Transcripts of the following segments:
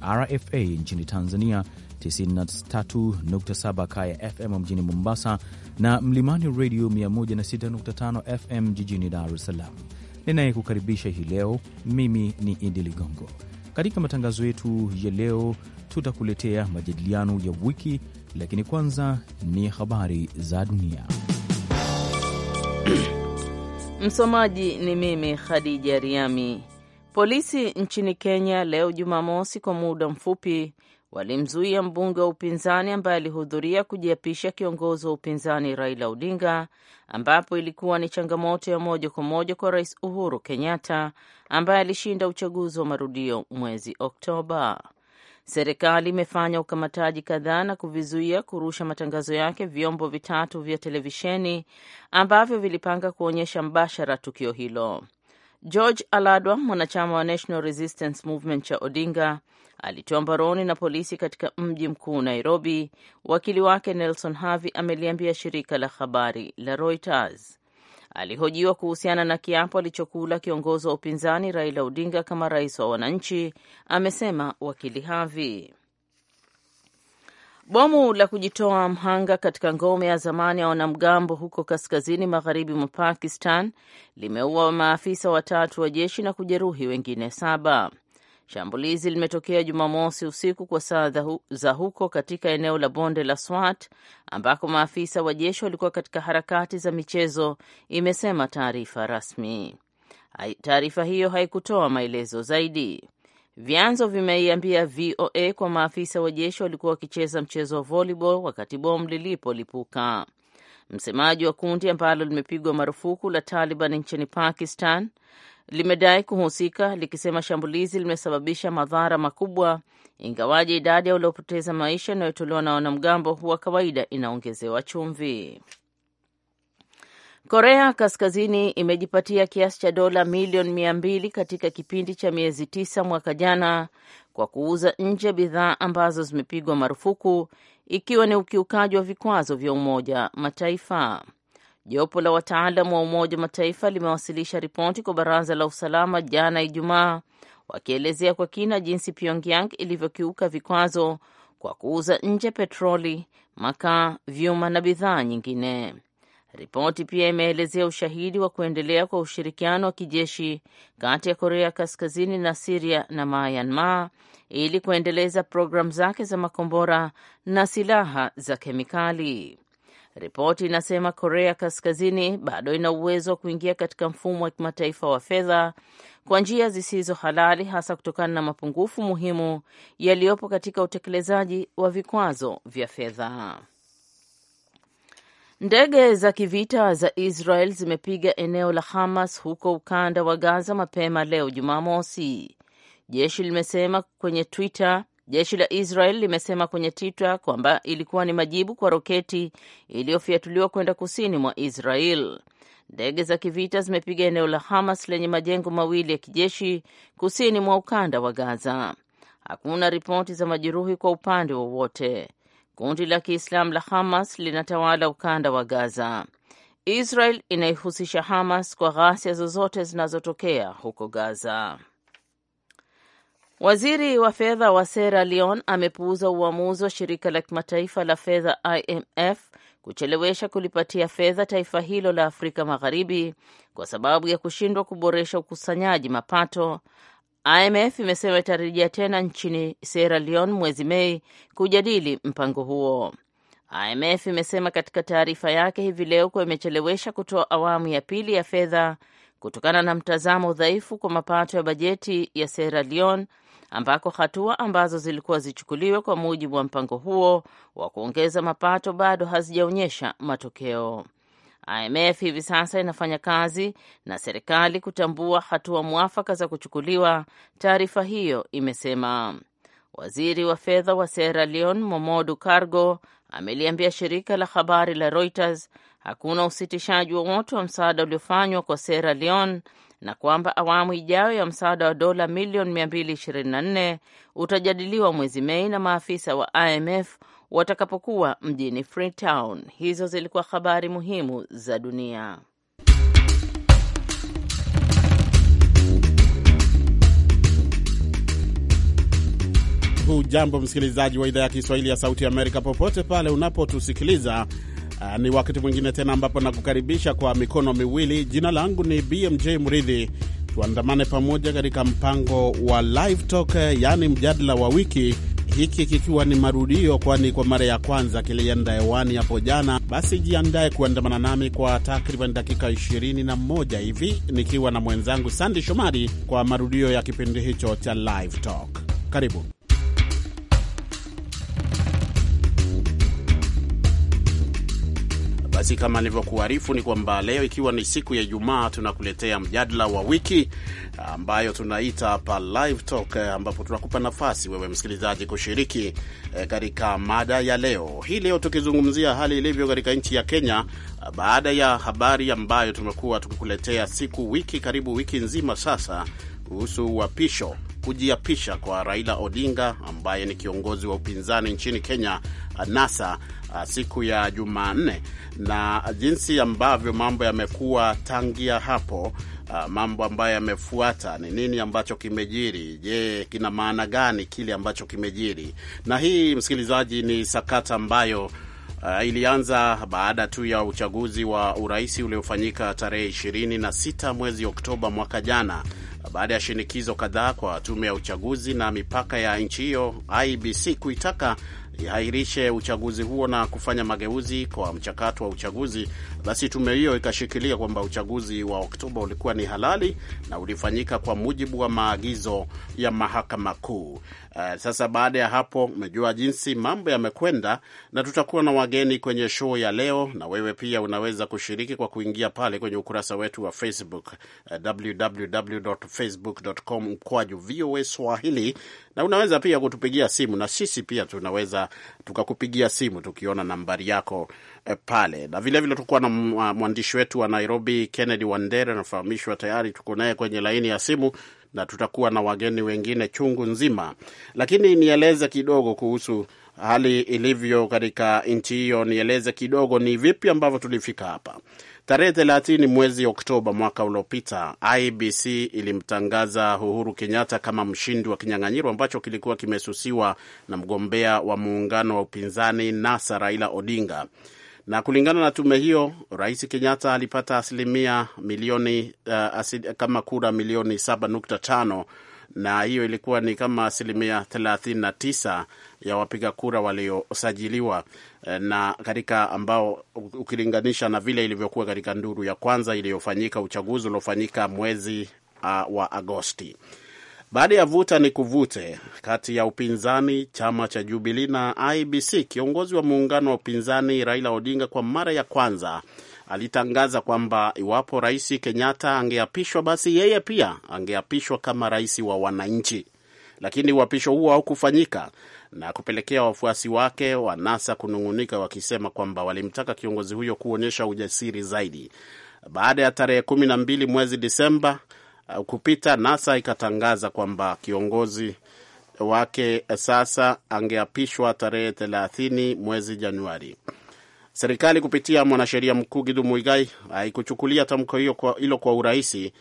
RFA nchini Tanzania, 93.7 Kaya FM mjini Mombasa na Mlimani Radio 106.5 FM jijini Dar es Salaam. Ninayekukaribisha hii leo mimi ni Idi Ligongo. Katika matangazo yetu ya leo tutakuletea majadiliano ya wiki, lakini kwanza ni habari za dunia. Msomaji ni mimi Khadija Riami. Polisi nchini Kenya leo Jumamosi, kwa muda mfupi walimzuia mbunge wa upinzani ambaye alihudhuria kujiapisha kiongozi wa upinzani Raila Odinga, ambapo ilikuwa ni changamoto ya moja kwa moja kwa Rais Uhuru Kenyatta ambaye alishinda uchaguzi wa marudio mwezi Oktoba. Serikali imefanya ukamataji kadhaa na kuvizuia kurusha matangazo yake vyombo vitatu vya televisheni ambavyo vilipanga kuonyesha mbashara tukio hilo. George Aladwa, mwanachama wa National Resistance Movement cha Odinga, alitoa mbaroni na polisi katika mji mkuu Nairobi. Wakili wake Nelson Havi ameliambia shirika la habari la Reuters alihojiwa kuhusiana na kiapo alichokula kiongozi wa upinzani Raila Odinga kama rais wa wananchi, amesema wakili Havi. Bomu la kujitoa mhanga katika ngome ya zamani ya wanamgambo huko kaskazini magharibi mwa Pakistan limeua maafisa watatu wa jeshi na kujeruhi wengine saba. Shambulizi limetokea Jumamosi usiku kwa saa za huko katika eneo la bonde la Swat ambako maafisa wa jeshi walikuwa katika harakati za michezo, imesema taarifa rasmi. Taarifa hiyo haikutoa maelezo zaidi. Vyanzo vimeiambia VOA kwa maafisa wa jeshi walikuwa wakicheza mchezo wa volleyball wakati bomu lilipolipuka. Msemaji wa kundi ambalo limepigwa marufuku la Taliban nchini Pakistan limedai kuhusika likisema shambulizi limesababisha madhara makubwa, ingawaje idadi ya waliopoteza maisha inayotolewa na wanamgambo huwa kawaida inaongezewa chumvi. Korea Kaskazini imejipatia kiasi cha dola milioni mia mbili katika kipindi cha miezi tisa mwaka jana kwa kuuza nje bidhaa ambazo zimepigwa marufuku ikiwa ni ukiukaji wa vikwazo vya Umoja Mataifa. Jopo la wataalamu wa Umoja Mataifa limewasilisha ripoti kwa Baraza la Usalama jana Ijumaa, wakielezea kwa kina jinsi Pyongyang ilivyokiuka vikwazo kwa kuuza nje petroli, makaa, vyuma na bidhaa nyingine. Ripoti pia imeelezea ushahidi wa kuendelea kwa ushirikiano wa kijeshi kati ya Korea Kaskazini na Siria na Myanmar ili kuendeleza programu zake za makombora na silaha za kemikali. Ripoti inasema Korea Kaskazini bado ina uwezo wa kuingia katika mfumo wa kimataifa wa fedha kwa njia zisizo halali, hasa kutokana na mapungufu muhimu yaliyopo katika utekelezaji wa vikwazo vya fedha. Ndege za kivita za Israel zimepiga eneo la Hamas huko ukanda wa Gaza mapema leo Jumamosi, jeshi limesema kwenye Twitter. Jeshi la Israel limesema kwenye Twitter kwamba ilikuwa ni majibu kwa roketi iliyofyatuliwa kwenda kusini mwa Israel. Ndege za kivita zimepiga eneo la Hamas lenye majengo mawili ya kijeshi kusini mwa ukanda wa Gaza. Hakuna ripoti za majeruhi kwa upande wowote. Kundi la Kiislamu la Hamas linatawala ukanda wa Gaza. Israel inaihusisha Hamas kwa ghasia zozote zinazotokea huko Gaza. Waziri wa fedha wa Sierra Leone amepuuza uamuzi wa shirika la kimataifa la fedha IMF kuchelewesha kulipatia fedha taifa hilo la Afrika Magharibi kwa sababu ya kushindwa kuboresha ukusanyaji mapato IMF imesema itarejea tena nchini Sierra Leone mwezi Mei kujadili mpango huo. IMF imesema katika taarifa yake hivi leo kuwa imechelewesha kutoa awamu ya pili ya fedha kutokana na mtazamo dhaifu kwa mapato ya bajeti ya Sierra Leone ambako hatua ambazo zilikuwa zichukuliwe kwa mujibu wa mpango huo wa kuongeza mapato bado hazijaonyesha matokeo. IMF hivi sasa inafanya kazi na serikali kutambua hatua mwafaka za kuchukuliwa, taarifa hiyo imesema. Waziri wa fedha wa Sierra Leone Momodu Cargo ameliambia shirika la habari la Reuters hakuna usitishaji wowote wa msaada uliofanywa kwa Sierra Leone na kwamba awamu ijayo ya msaada wa dola milioni 224 utajadiliwa mwezi Mei na maafisa wa IMF watakapokuwa mjini Freetown. Hizo zilikuwa habari muhimu za dunia. Hujambo msikilizaji wa idhaa ya Kiswahili ya Sauti Amerika, popote pale unapotusikiliza. Uh, ni wakati mwingine tena ambapo nakukaribisha kwa mikono miwili. Jina langu ni BMJ Mridhi. Tuandamane pamoja katika mpango wa Live Talk, eh, yaani mjadala wa wiki hiki kikiwa ni marudio, kwani kwa mara ya kwanza kilienda hewani hapo jana. Basi jiandae kuandamana nami kwa takriban dakika 21 hivi nikiwa na mwenzangu Sandi Shomari kwa marudio ya kipindi hicho cha Live Talk. Karibu. Basi kama nilivyokuarifu ni kwamba leo ikiwa ni siku ya Ijumaa, tunakuletea mjadala wa wiki ambayo tunaita hapa Live Talk, ambapo tunakupa nafasi wewe msikilizaji kushiriki eh, katika mada ya leo hii. Leo tukizungumzia hali ilivyo katika nchi ya Kenya baada ya habari ambayo tumekuwa tukikuletea siku wiki karibu wiki nzima sasa kuhusu uapisho kujiapisha kwa Raila Odinga ambaye ni kiongozi wa upinzani nchini Kenya NASA Ah, siku ya Jumanne na jinsi ambavyo mambo yamekuwa tangia hapo. Uh, mambo ambayo yamefuata ni nini ambacho kimejiri? Je, kina maana gani kile ambacho kimejiri? Na hii msikilizaji, ni sakata ambayo uh, ilianza baada tu ya uchaguzi wa urais uliofanyika tarehe ishirini na sita mwezi Oktoba mwaka jana baada ya shinikizo kadhaa kwa tume ya uchaguzi na mipaka ya nchi hiyo IBC kuitaka iahirishe uchaguzi huo na kufanya mageuzi kwa mchakato wa uchaguzi, basi tume hiyo ikashikilia kwamba uchaguzi wa Oktoba ulikuwa ni halali na ulifanyika kwa mujibu wa maagizo ya mahakama kuu. Eh, sasa baada ya hapo, umejua jinsi mambo yamekwenda, na tutakuwa na wageni kwenye show ya leo, na wewe pia unaweza kushiriki kwa kuingia pale kwenye ukurasa wetu wa Facebook eh, www.facebook.com mkwaju VOA Swahili, na unaweza pia kutupigia simu, na sisi pia tunaweza tukakupigia simu tukiona nambari yako eh, pale. Na vilevile tutakuwa na mwandishi wetu wa Nairobi Kennedy Wandera, anafahamishwa tayari, tuko naye kwenye laini ya simu na tutakuwa na wageni wengine chungu nzima, lakini nieleze kidogo kuhusu hali ilivyo katika nchi hiyo. Nieleze kidogo ni vipi ambavyo tulifika hapa. Tarehe 30 mwezi Oktoba mwaka uliopita, IBC ilimtangaza Uhuru Kenyatta kama mshindi wa kinyang'anyiro ambacho kilikuwa kimesusiwa na mgombea wa muungano wa upinzani NASA Raila Odinga. Na kulingana na tume hiyo, Rais Kenyatta alipata asilimia milioni uh, eh, asili, kama kura milioni 7.5 na hiyo ilikuwa ni kama asilimia 39 ya wapiga kura waliosajiliwa eh, na katika ambao ukilinganisha na vile ilivyokuwa katika nduru ya kwanza iliyofanyika uchaguzi uliofanyika mwezi uh, wa Agosti. Baada ya vuta ni kuvute kati ya upinzani, chama cha Jubili na IBC, kiongozi wa muungano wa upinzani Raila Odinga kwa mara ya kwanza alitangaza kwamba iwapo Rais Kenyatta angeapishwa, basi yeye pia angeapishwa kama rais wa wananchi, lakini uapisho huo haukufanyika na kupelekea wafuasi wake wa NASA kunung'unika, wakisema kwamba walimtaka kiongozi huyo kuonyesha ujasiri zaidi. Baada ya tarehe kumi na mbili mwezi Disemba, Uh, kupita, NASA ikatangaza kwamba kiongozi wake sasa angeapishwa tarehe 30 mwezi Januari. Serikali kupitia mwanasheria mkuu Gidu Muigai haikuchukulia tamko hilo kwa, hilo kwa urahisi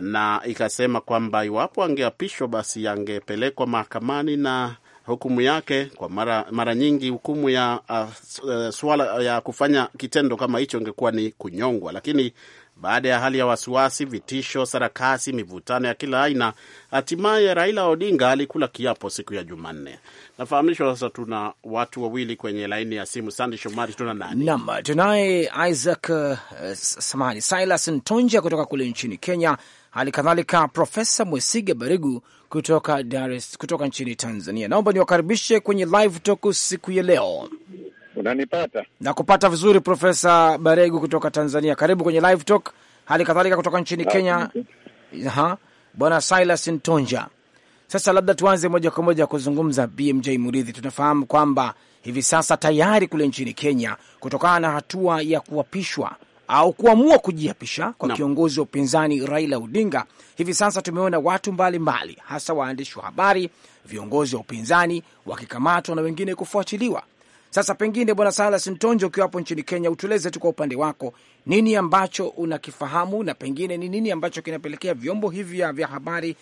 na ikasema kwamba iwapo angeapishwa basi angepelekwa mahakamani na hukumu yake kwa mara, mara nyingi hukumu ya uh, uh swala ya kufanya kitendo kama hicho ingekuwa ni kunyongwa, lakini baada ya hali ya wasiwasi, vitisho, sarakasi, mivutano ya kila aina, hatimaye Raila Odinga alikula kiapo siku ya Jumanne. Nafahamishwa sasa tuna watu wawili kwenye laini ya simu. Sande Shomari, tuna nani? Naam, tunaye Isaac uh, samani Silas Ntonja kutoka kule nchini Kenya, hali kadhalika Profesa Mwesiga Barigu kutoka Dar es kutoka nchini Tanzania. Naomba niwakaribishe kwenye live talk siku ya leo. Unanipata na kupata vizuri, Profesa Baregu kutoka Tanzania, karibu kwenye Live Talk. Hali kadhalika kutoka nchini na ah, Kenya, aha, Bwana Silas Ntonja. Sasa labda tuanze moja kwa moja kuzungumza BMJ Muridhi, tunafahamu kwamba hivi sasa tayari kule nchini Kenya, kutokana na hatua ya kuapishwa au kuamua kujiapisha kwa no. kiongozi wa upinzani Raila Odinga, hivi sasa tumeona watu mbalimbali mbali, hasa waandishi wa habari, viongozi wa upinzani wakikamatwa na wengine kufuatiliwa. Sasa pengine, Bwana Salas Ntonje, ukiwa hapo nchini Kenya, utueleze tu kwa upande wako nini ambacho unakifahamu na pengine ni nini ambacho kinapelekea vyombo hivi vya habari,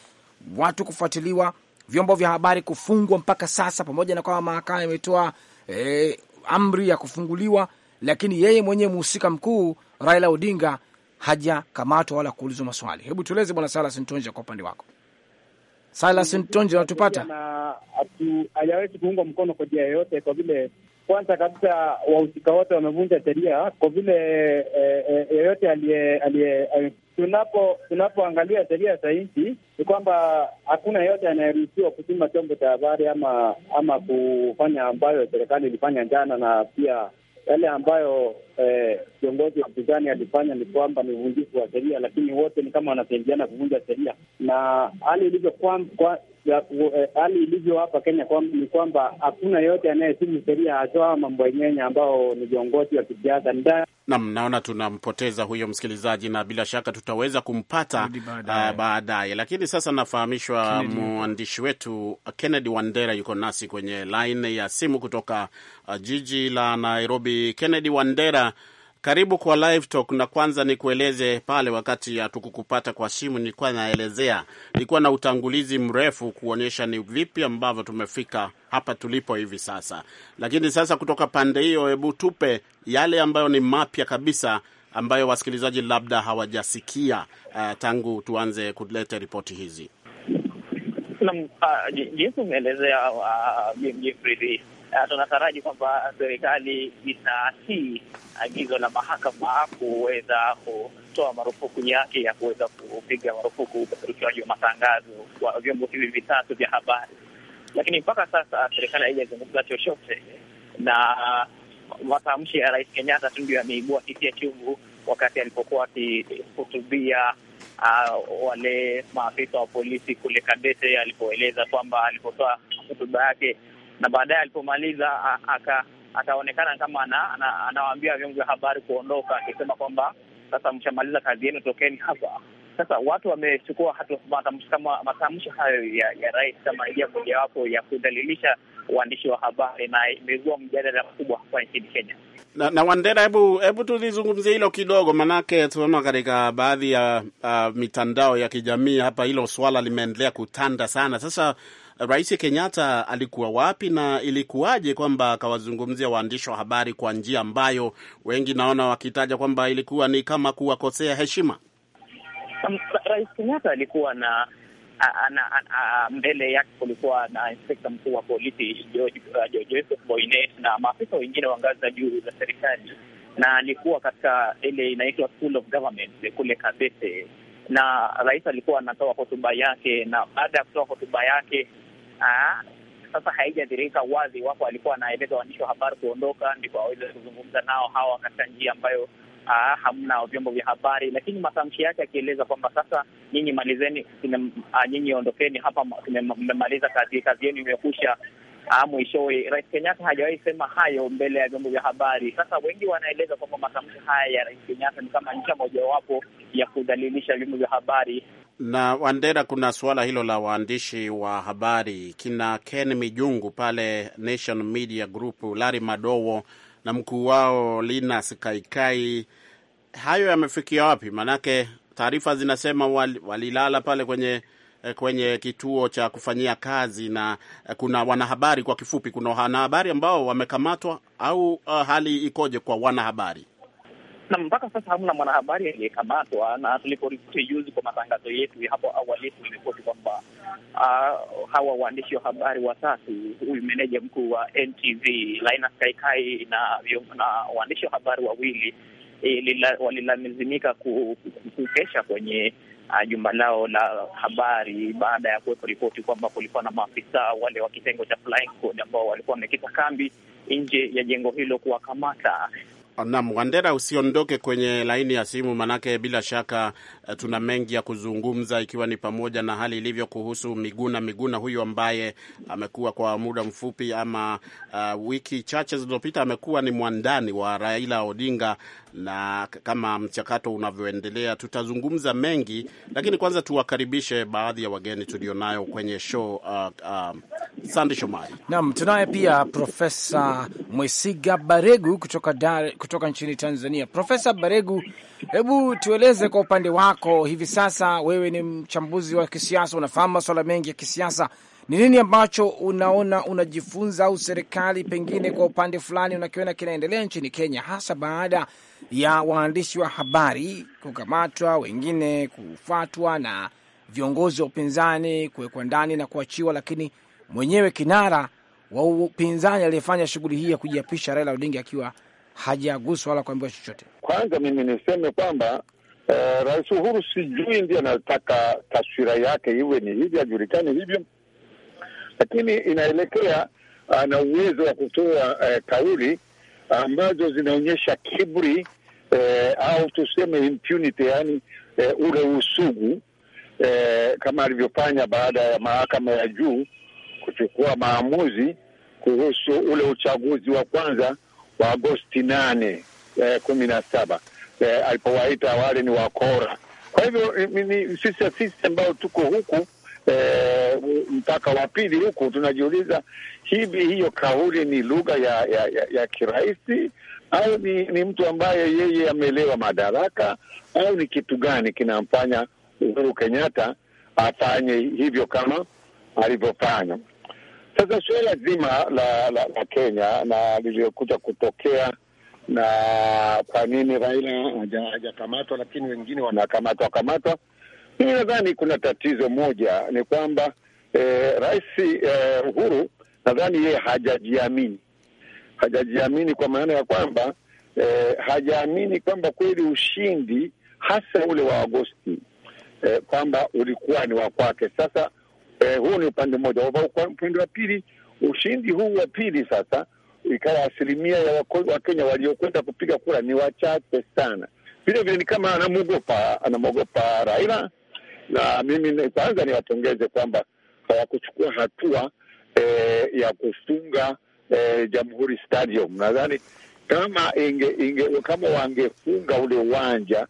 watu kufuatiliwa, vyombo vya habari kufungwa mpaka sasa, pamoja na kwamba mahakama imetoa eh, amri ya kufunguliwa, lakini yeye mwenyewe mhusika mkuu Raila Odinga hajakamatwa wala kuulizwa maswali. Hebu tueleze Bwana Salas Ntonje kwa upande wako. Silas Ntonje, unatupata? Hawezi kuungwa mkono kwa njia yoyote, kwa vile kwanza kabisa wahusika wote wamevunja sheria kwa vile e, e, yeyote e, tunapo tunapoangalia sheria za nchi ni kwamba hakuna yeyote anayeruhusiwa kutuma chombo cha habari ama ama kufanya ambayo serikali ilifanya jana, na pia yale ambayo kiongozi eh, wa upinzani alifanya ni kwamba ni uvunjifu wa sheria, lakini wote ni kama wanasaidiana kuvunja sheria na hali ilivyo Eh, hali ilivyo hapa Kenya kwa, ni kwamba hakuna yote anayesimu sheria haswa mambo yenyewe ambao ni viongozi wa kisiasa ndani. Naam, naona tunampoteza huyo msikilizaji na bila shaka tutaweza kumpata baadaye, uh, lakini sasa nafahamishwa mwandishi wetu Kennedy Wandera yuko nasi kwenye line ya simu kutoka uh, jiji la Nairobi. Kennedy Wandera karibu kwa live talk, na kwanza nikueleze pale, wakati hatukukupata kwa simu, nilikuwa naelezea, nilikuwa na utangulizi mrefu kuonyesha ni vipi ambavyo tumefika hapa tulipo hivi sasa. Lakini sasa kutoka pande hiyo, hebu tupe yale ambayo ni mapya kabisa ambayo wasikilizaji labda hawajasikia uh, tangu tuanze kuleta ripoti hizi. Naam, uh, jinsi umeelezea uh, uh, tunataraji kwamba serikali itatii agizo la mahakama kuweza kutoa marufuku yake ya kuweza kupiga marufuku upeperushaji wa matangazo kwa vyombo hivi vitatu vya habari, lakini mpaka sasa serikali haijazungumza chochote na matamshi ya Rais Kenyatta tu ndio yameibua kisia chungu wakati alipokuwa akihutubia uh, wale maafisa wa polisi kule Kabete, alipoeleza kwamba alipotoa hotuba yake na baadaye alipomaliza akaonekana kama anawaambia vyombo vya habari kuondoka, akisema kwamba sasa mshamaliza kazi yenu, tokeni hapa. Sasa watu wamechukua matamshi hayo ya, ya rais kama njia mojawapo ya kudhalilisha uandishi wa habari na imezua mjadala mkubwa hapa nchini Kenya. Na, na Wandera, hebu hebu tulizungumzia hilo kidogo, manake tunaona katika baadhi ya uh, mitandao ya kijamii hapa hilo swala limeendelea kutanda sana. Sasa Rais Kenyatta alikuwa wapi na ilikuwaje kwamba akawazungumzia waandishi wa habari kwa njia ambayo wengi naona wakitaja kwamba ilikuwa ni kama kuwakosea heshima? Um, rais Kenyatta alikuwa na a, a, mbele yake kulikuwa na inspekta mkuu wa polisi uh, Joseph Boynet na maafisa wengine wa ngazi za juu za serikali, na alikuwa katika ile inaitwa School of Government kule Kabete, na rais alikuwa anatoa hotuba yake, na baada ya kutoa hotuba yake Ah, sasa haijadhirika wazi wapo alikuwa wanaeleza waandishi wa habari kuondoka ndipo aweze kuzungumza nao hawa katika njia ambayo Aa, ah, hamna vyombo vya habari, lakini matamshi yake akieleza kwamba sasa nyinyi malizeni, ah, nyinyi ondokeni hapa, mmemaliza kazi, kazi yenu imekusha. Mwishowe Rais Kenyatta hajawahi sema hayo mbele ya vyombo vya habari. Sasa wengi wanaeleza kwamba matamshi haya ya Rais Kenyatta ni kama njia mojawapo ya kudhalilisha vyombo vya habari na Wandera, kuna suala hilo la waandishi wa habari kina Ken Mijungu pale Nation Media Group, Lari Madowo na mkuu wao Linas Kaikai, hayo yamefikia wapi? Manake taarifa zinasema walilala pale kwenye eh, kwenye kituo cha kufanyia kazi na eh, kuna wanahabari, kwa kifupi, kuna wanahabari ambao wamekamatwa au uh, hali ikoje kwa wanahabari? na mpaka sasa hamna mwanahabari aliyekamatwa, na tuliporipoti juzi kwa matangazo yetu hapo awali, tuliripoti kwamba uh, hawa waandishi wa habari watatu, huyu meneja mkuu wa NTV Linus Kaikai na, na waandishi wa habari wawili eh, walilazimika kukesha kwenye uh, jumba lao la habari baada ya kuwepo ripoti kwamba kulikuwa na maafisa wale wa kitengo cha Flying Squad ambao walikuwa wamekita kambi nje ya jengo hilo kuwakamata Naam, Wandera, usiondoke kwenye laini ya simu, manake bila shaka eh, tuna mengi ya kuzungumza, ikiwa ni pamoja na hali ilivyo kuhusu Miguna Miguna huyu ambaye amekuwa kwa muda mfupi ama uh, wiki chache zilizopita amekuwa ni mwandani wa Raila Odinga, na kama mchakato unavyoendelea tutazungumza mengi, lakini kwanza tuwakaribishe baadhi ya wageni tulionayo kwenye show. Uh, uh, Sande Shomari. Naam, tunaye pia Profesa Mwesiga Baregu kutoka Dar kutoka nchini Tanzania. Profesa Baregu, hebu tueleze kwa upande wako, hivi sasa wewe ni mchambuzi wa kisiasa, unafahamu masuala mengi ya kisiasa. Ni nini ambacho unaona unajifunza au serikali pengine kwa upande fulani unakiona kinaendelea nchini Kenya, hasa baada ya waandishi wa habari kukamatwa, wengine kufuatwa na viongozi wa upinzani kuwekwa ndani na kuachiwa, lakini mwenyewe kinara wa upinzani aliyefanya shughuli hii ya kujiapisha Raila Odinga akiwa hajaguswa wala kuambiwa chochote? Kwanza mimi niseme kwamba uh, Rais Uhuru sijui ndiye anataka taswira yake iwe ni hivi, ajulikane hivyo, lakini inaelekea ana ah, uwezo wa kutoa uh, kauli ambazo zinaonyesha kiburi uh, au tuseme impunity, yaani ule usugu uh, kama alivyofanya baada ya mahakama ya juu kuchukua maamuzi kuhusu ule uchaguzi wa kwanza wa Agosti nane eh, kumi na saba eh, alipowaita wale ni wakora. Kwa hivyo eh, sisi sisi ambao tuko huku eh, mpaka wa pili huku tunajiuliza, hivi hiyo kauli ni lugha ya, ya, ya, ya kirahisi au ni, ni mtu ambaye yeye amelewa madaraka au ni kitu gani kinamfanya Uhuru Kenyatta afanye hivyo kama alivyofanya? Sasa suala zima la, la, la Kenya na liliyokuja kutokea na kwa nini Raila hajakamatwa lakini wengine wanakamatwa kamatwa, mimi nadhani kuna tatizo moja, ni kwamba eh, Rais eh, Uhuru nadhani yeye hajajiamini, hajajiamini kwa maana ya kwamba eh, hajaamini kwamba kweli ushindi hasa ule wa Agosti eh, kwamba ulikuwa ni wa kwake. Sasa Eh, huu ni upande mmoja Kwa upande wa pili, ushindi huu wa pili sasa ikawa asilimia ya Wakenya waliokwenda kupiga kura ni wachache sana. Vile vile ni kama anamwogopa anamwogopa Raila, na mimi kwanza niwapongeze kwamba hawakuchukua hatua eh, ya kufunga eh, Jamhuri Stadium. Nadhani kama inge, inge, kama wangefunga ule uwanja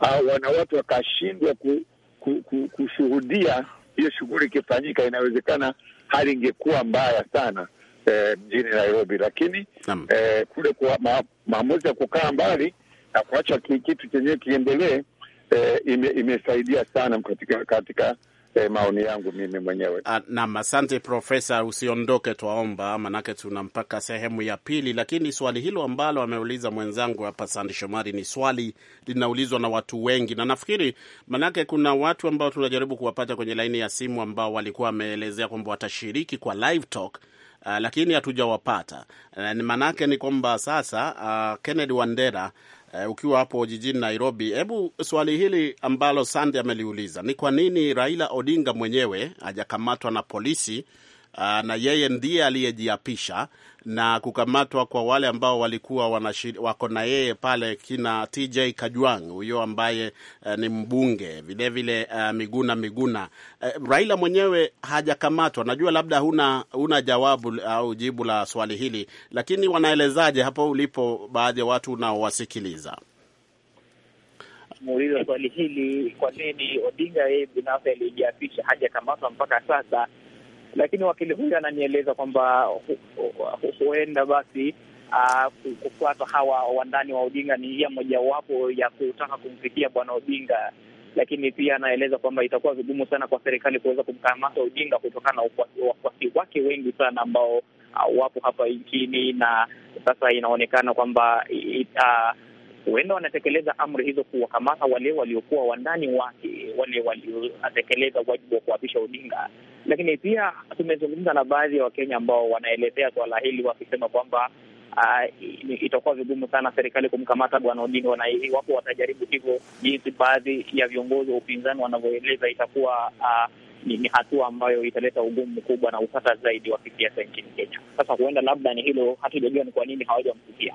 au ah, wana watu wakashindwa ku, ku, ku, kushuhudia hiyo shughuli ikifanyika, inawezekana hali ingekuwa mbaya sana eh, mjini Nairobi, lakini eh, kule kwa ma, maamuzi ya kukaa mbali na kuacha kitu chenyewe kiendelee eh, ime, imesaidia sana katika katika maoni yangu mimi mwenyewe. Ah, naam, asante Profesa, usiondoke twaomba, manake tuna mpaka sehemu ya pili, lakini swali hilo ambalo ameuliza mwenzangu hapa sandi Shomari ni swali linaulizwa na watu wengi, na nafikiri manake kuna watu ambao tunajaribu kuwapata kwenye laini ya simu ambao walikuwa wameelezea kwamba watashiriki kwa live talk. Uh, lakini hatujawapata uh, eh, maanake ni kwamba sasa uh, Kennedy Wandera eh, ukiwa hapo jijini Nairobi, hebu swali hili ambalo Sande ameliuliza ni kwa nini Raila Odinga mwenyewe hajakamatwa na polisi Ah, na yeye ndiye aliyejiapisha na kukamatwa kwa wale ambao walikuwa wako na yeye pale, kina TJ Kajwang huyo ambaye uh, ni mbunge vilevile vile, uh, Miguna Miguna uh, Raila mwenyewe hajakamatwa. Najua labda huna, huna jawabu au uh, jibu la swali hili, lakini wanaelezaje hapo ulipo, baadhi ya watu unaowasikiliza muuliza swali hili, kwa nini Odinga yeye binafsi alijiapisha hajakamatwa mpaka sasa? lakini wakili huyu ananieleza kwamba huenda basi uh, kufuatwa hawa wandani wa Odinga ni njia mojawapo ya kutaka kumfikia bwana Odinga, lakini pia anaeleza kwamba itakuwa vigumu sana kwa serikali kuweza kumkamata Odinga kutokana na wafuasi wake wengi sana ambao uh, wapo hapa nchini na sasa inaonekana kwamba uh, huenda wanatekeleza amri hizo kuwakamata wale waliokuwa wandani wake, wale waliotekeleza wajibu wa kuapisha Odinga. Lakini pia tumezungumza na baadhi ya Wakenya ambao wanaelezea swala hili wakisema kwamba Uh, itakuwa vigumu sana serikali kumkamata bwana Odinga, na iwapo watajaribu hivyo, jinsi baadhi ya viongozi wa upinzani wanavyoeleza, itakuwa uh, ni, ni hatua ambayo italeta ugumu mkubwa na ukata zaidi wa kisiasa nchini Kenya. Sasa huenda labda ni hilo, hatujajua ni kwa nini hawajamsikia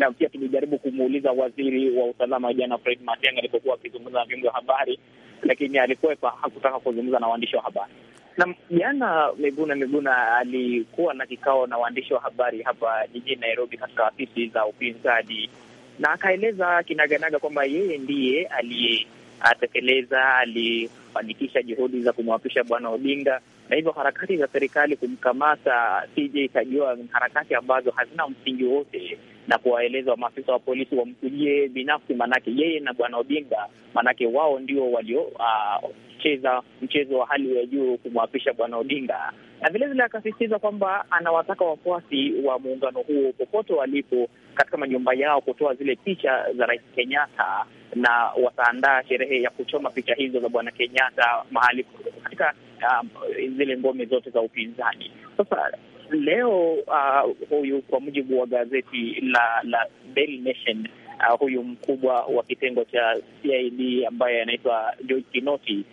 na pia tulijaribu kumuuliza waziri wa usalama jana Fred Matiang'i alipokuwa akizungumza na vyombo vya habari, lakini alikwepa, hakutaka kuzungumza na waandishi wa habari. Na jana Miguna Miguna alikuwa na kikao na waandishi wa habari hapa jijini Nairobi, katika afisi za upinzani, na akaeleza kinaganaga kwamba yeye ndiye aliyetekeleza, alifanikisha juhudi za kumwapisha Bwana Odinga na hivyo harakati za serikali kumkamata CJ Kajua ni harakati ambazo hazina msingi wote, na kuwaeleza maafisa wa polisi wamkujie binafsi, maanake yeye na bwana Odinga, maanake wao ndio waliocheza ah, uh, mchezo wa hali ya juu kumwapisha bwana Odinga na vilevile akasisitiza kwamba anawataka wafuasi wa muungano huo popote walipo katika majumba yao kutoa zile picha za Rais Kenyatta na wataandaa sherehe ya kuchoma picha hizo za bwana Kenyatta mahali katika um, zile ngome zote za upinzani. Sasa leo uh, huyu kwa mujibu wa gazeti la la Daily Nation uh, huyu mkubwa wa kitengo cha CID ambaye anaitwa George Kinoti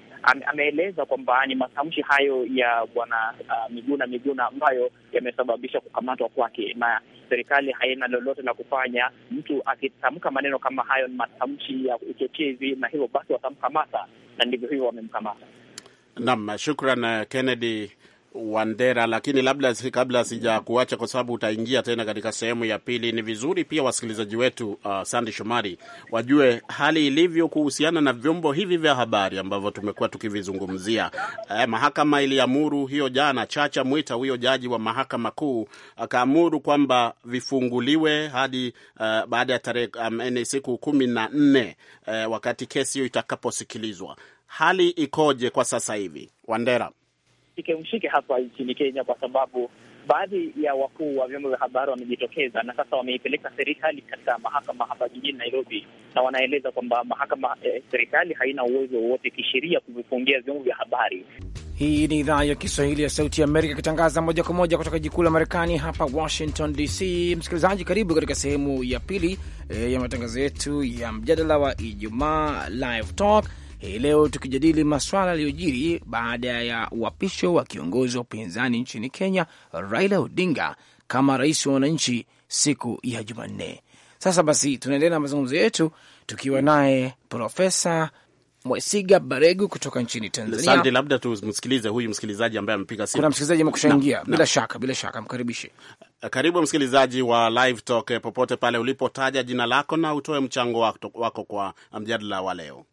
ameeleza kwamba ni matamshi hayo ya bwana uh, Miguna Miguna ambayo yamesababisha kukamatwa kwake, na serikali haina lolote la kufanya. Mtu akitamka maneno kama hayo ni matamshi ya uchochezi, na hivyo basi watamkamata, na ndivyo hivyo wamemkamata. Naam, shukran eh, Kennedy Wandera. Lakini labda kabla sija kuacha, kwa sababu utaingia tena katika sehemu ya pili, ni vizuri pia wasikilizaji wetu uh, Sandi Shomari wajue hali ilivyo kuhusiana na vyombo hivi vya habari ambavyo tumekuwa tukivizungumzia. Eh, mahakama iliamuru hiyo jana, Chacha Mwita huyo jaji wa mahakama kuu akaamuru kwamba vifunguliwe hadi uh, baada ya tarehe um, eh, siku kumi na nne uh, wakati kesi hiyo itakaposikilizwa hali ikoje kwa sasa hivi, Wandera? Shike mshike hapa nchini Kenya, kwa sababu baadhi ya wakuu wa vyombo vya habari wamejitokeza na sasa wameipeleka serikali katika mahakama hapa jijini Nairobi, na wanaeleza kwamba mahakama eh, serikali haina uwezo wowote kisheria kuvifungia vyombo vya habari. Hii ni idhaa ya Kiswahili ya Sauti ya Amerika ikitangaza moja kwa moja kutoka jikuu la Marekani hapa Washington DC. Msikilizaji, karibu katika sehemu ya pili eh, ya matangazo yetu ya mjadala wa Ijumaa Live Talk hii leo tukijadili maswala yaliyojiri baada ya uapisho wa kiongozi wa upinzani nchini Kenya, Raila Odinga, kama rais wa wananchi siku ya Jumanne. Sasa basi, tunaendelea na mazungumzo yetu tukiwa naye Profesa Mwesiga Baregu kutoka nchini Tanzania. Asante, labda tumsikilize huyu msikilizaji ambaye amepiga simu. Kuna msikilizaji amekushaingia bila shaka, bila shaka, mkaribishe. Karibu msikilizaji wa Live Talk, popote pale ulipotaja jina lako na utoe mchango wako kwa mjadala wa leo.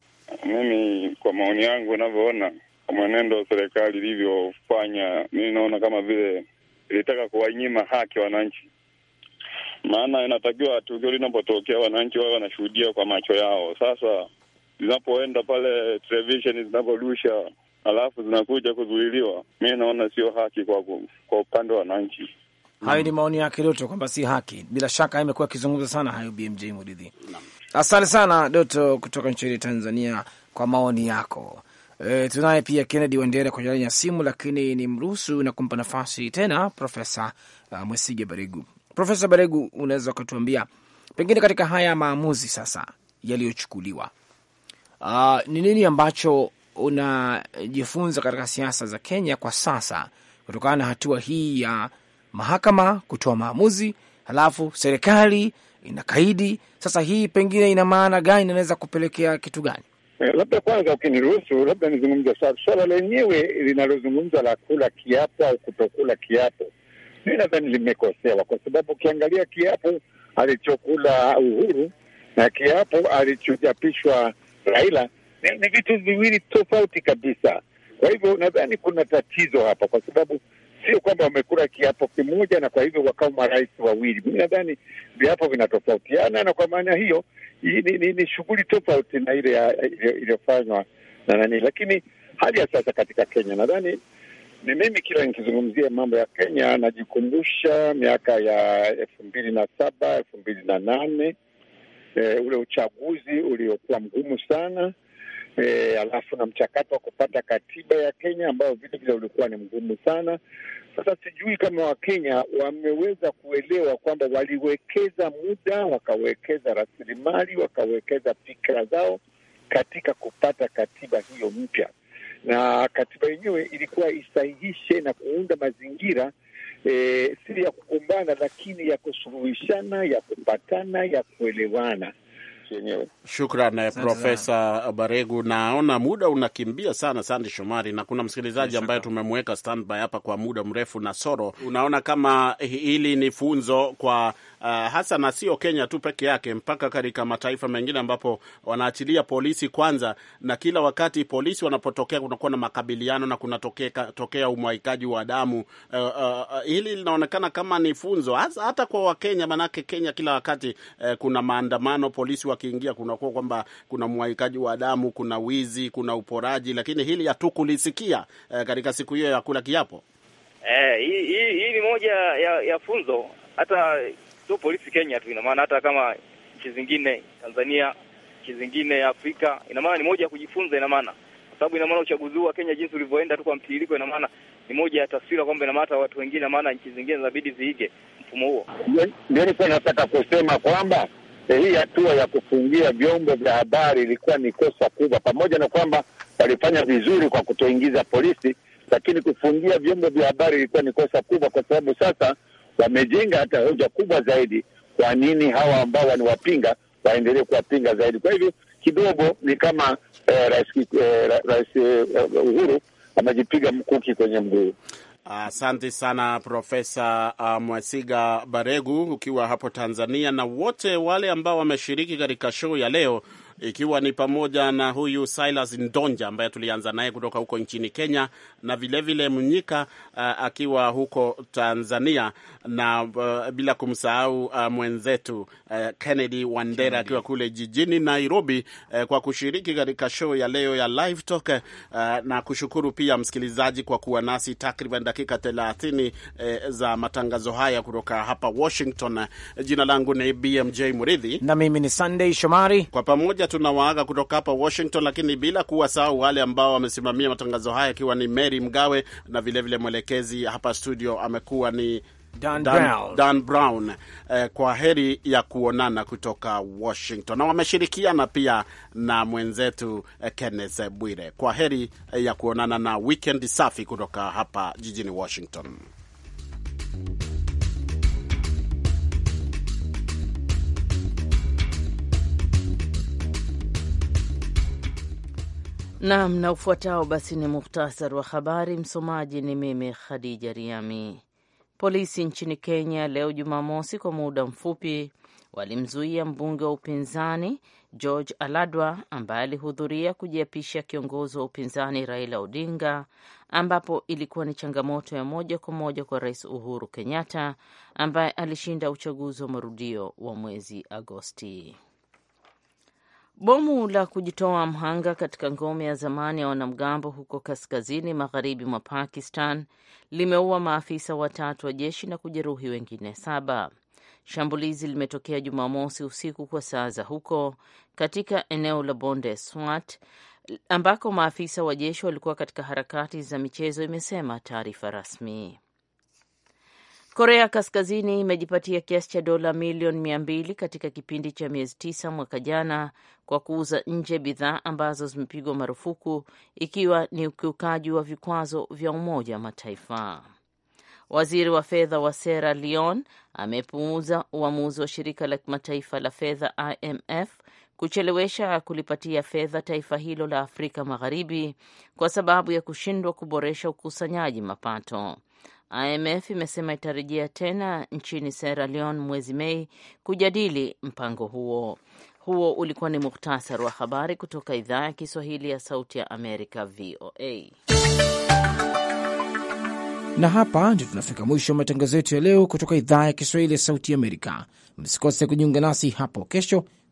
Mimi kwa maoni yangu inavyoona mwenendo wa serikali ilivyofanya, mimi naona kama vile ilitaka kuwanyima haki wananchi, maana inatakiwa tukio linapotokea wananchi wawe wanashuhudia kwa macho yao. Sasa zinapoenda pale televisheni zinaporusha, alafu zinakuja kuzuiliwa, mi naona sio haki kwa, kwa upande wa wananchi. Hayo ni mm. maoni yake Doto kwamba si haki. Bila shaka imekuwa akizungumza sana hayo BMJ Muridhi. Asante sana Doto kutoka nchini Tanzania kwa maoni yako. E, tunaye pia Kennedy Wandera kwenye laini ya simu, lakini ni mruhusu na kumpa nafasi tena Profesa uh, Mwesige Baregu. Profesa Baregu, unaweza ukatuambia pengine katika haya maamuzi sasa yaliyochukuliwa, uh, ni uh, nini ambacho unajifunza katika siasa za Kenya kwa sasa kutokana na hatua hii ya uh, mahakama kutoa maamuzi, halafu serikali inakaidi. Sasa hii pengine ina maana gani? Inaweza kupelekea kitu gani? Eh, labda kwanza, ukiniruhusu, labda nizungumza swala lenyewe linalozungumza la kula kiapo au kutokula kiapo. Mi nadhani limekosewa kwa sababu ukiangalia kiapo alichokula Uhuru na kiapo alichochapishwa Raila ni vitu viwili tofauti kabisa. Kwa hivyo nadhani kuna tatizo hapa, kwa sababu sio kwamba wamekula kiapo kimoja na kwa hivyo wakawa marais wawili. Mi nadhani viapo vinatofautiana, na kwa maana hiyo ni, ni, ni shughuli tofauti na ile iliyofanywa na nani. Lakini hali ya sasa katika Kenya nadhani ni mimi, kila nikizungumzia mambo ya Kenya najikumbusha miaka ya elfu mbili na saba elfu mbili na nane eh, ule uchaguzi uliokuwa mgumu sana e, alafu na mchakato wa kupata katiba ya Kenya ambayo vile vile ulikuwa ni mgumu sana. Sasa sijui kama Wakenya wameweza kuelewa kwamba waliwekeza muda, wakawekeza rasilimali, wakawekeza fikra zao katika kupata katiba hiyo mpya, na katiba yenyewe ilikuwa isahihishe na kuunda mazingira e, si ya kugombana, lakini ya kusuluhishana, ya kupatana, ya kuelewana yenyewe. Shukran eh, Profesa Baregu, naona muda unakimbia sana. Sandi Shomari, na kuna msikilizaji ambaye tumemweka standby hapa kwa muda mrefu na Soro. Unaona kama hili ni funzo kwa uh, hasa na sio Kenya tu peke yake, mpaka katika mataifa mengine ambapo wanaachilia polisi kwanza, na kila wakati polisi wanapotokea kunakuwa na makabiliano na kunatokea umwaikaji wa damu. Uh, uh, hili linaonekana kama ni funzo hasa hata kwa Wakenya, manake Kenya kila wakati uh, kuna maandamano polisi wa wakiingia kunakuwa kwamba kuna mwaikaji wa damu, kuna wizi, kuna uporaji, lakini hili hatukulisikia eh, katika siku hiyo ya kula kiapo. Eh, hii hii, ni moja ya, ya funzo hata tu polisi Kenya tu, ina maana hata kama nchi zingine Tanzania, nchi zingine Afrika, ina maana ni moja ya kujifunza, ina maana kwa sababu ina maana uchaguzi huu wa Kenya jinsi ulivyoenda tu kwa mtiririko, ina maana ni moja ya taswira kwamba ina maana hata watu wengine, ina maana nchi zingine zabidi ziige mfumo huo. Ndio nilikuwa nataka kusema kwamba Eh, hii hatua ya kufungia vyombo vya habari ilikuwa ni kosa kubwa, pamoja na kwamba walifanya vizuri kwa kutoingiza polisi, lakini kufungia vyombo vya habari ilikuwa ni kosa kubwa, kwa sababu sasa wamejenga hata hoja kubwa zaidi kwa nini hawa ambao waniwapinga waendelee kuwapinga zaidi. Kwa hivyo kidogo ni kama eh, rais eh, rais eh, Uhuru amejipiga mkuki kwenye mguu. Asante sana Profesa uh, Mwesiga Baregu ukiwa hapo Tanzania, na wote wale ambao wameshiriki katika show ya leo ikiwa ni pamoja na huyu Silas Ndonja ambaye tulianza naye kutoka huko nchini Kenya na vilevile vile Mnyika uh, akiwa huko Tanzania na uh, bila kumsahau uh, mwenzetu uh, Kennedy Wandera akiwa kule jijini Nairobi uh, kwa kushiriki katika show ya leo ya Live Talk uh, na kushukuru pia msikilizaji kwa kuwa nasi takriban dakika 30 uh, za matangazo haya kutoka hapa Washington. Jina langu ni BMJ Muridhi na mimi ni Sunday Shomari, kwa pamoja moja tunawaaga kutoka hapa Washington, lakini bila kuwasahau wale ambao wamesimamia matangazo haya, akiwa ni Mary Mgawe na vilevile mwelekezi hapa studio amekuwa ni Dan, Dan Brown, Dan Brown. Eh, kwa heri ya kuonana kutoka Washington, na wameshirikiana pia na mwenzetu eh, Kenneth Bwire. Kwa heri eh, ya kuonana na wikendi safi kutoka hapa jijini Washington. Naam, na ufuatao basi ni muhtasari wa habari. Msomaji ni mimi Khadija Riami. Polisi nchini Kenya leo Jumamosi kwa muda mfupi walimzuia mbunge wa upinzani George Aladwa ambaye alihudhuria kujiapisha kiongozi wa upinzani Raila Odinga, ambapo ilikuwa ni changamoto ya moja kwa moja kwa Rais Uhuru Kenyatta ambaye alishinda uchaguzi wa marudio wa mwezi Agosti. Bomu la kujitoa mhanga katika ngome ya zamani ya wanamgambo huko kaskazini magharibi mwa Pakistan limeua maafisa watatu wa jeshi na kujeruhi wengine saba. Shambulizi limetokea Jumamosi usiku kwa saa za huko katika eneo la bonde Swat ambako maafisa wa jeshi walikuwa katika harakati za michezo, imesema taarifa rasmi. Korea Kaskazini imejipatia kiasi cha dola milioni mia mbili katika kipindi cha miezi tisa mwaka jana kwa kuuza nje bidhaa ambazo zimepigwa marufuku ikiwa ni ukiukaji wa vikwazo vya Umoja wa Mataifa. Waziri wa fedha wa Sierra Leone amepuuza uamuzi wa shirika la kimataifa la fedha IMF kuchelewesha kulipatia fedha taifa hilo la Afrika Magharibi kwa sababu ya kushindwa kuboresha ukusanyaji mapato. IMF imesema itarejea tena nchini Sierra Leone mwezi Mei kujadili mpango huo. Huo ulikuwa ni muhtasari wa habari kutoka idhaa ya Kiswahili ya Sauti ya Amerika, VOA. Na hapa ndio tunafika mwisho wa matangazo yetu ya leo kutoka idhaa ya Kiswahili ya Sauti ya Amerika. Msikose kujiunga nasi hapo kesho